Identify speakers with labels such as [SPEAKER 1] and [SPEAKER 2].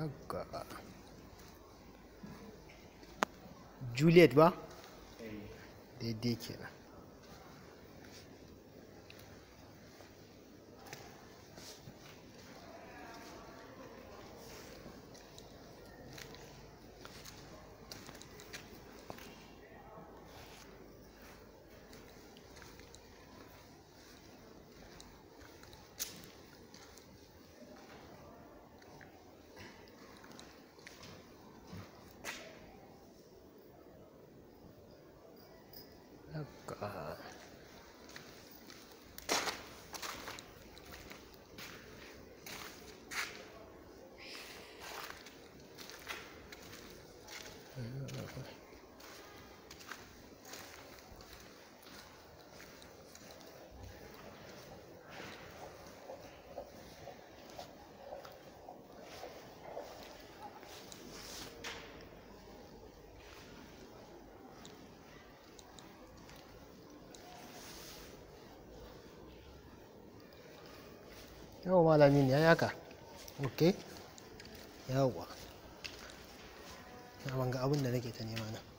[SPEAKER 1] haka juliet ba eh.
[SPEAKER 2] daidai kenan
[SPEAKER 3] 那个。
[SPEAKER 4] yawa malamin ya yaka ok yawa na manga abin da nake ta nema nan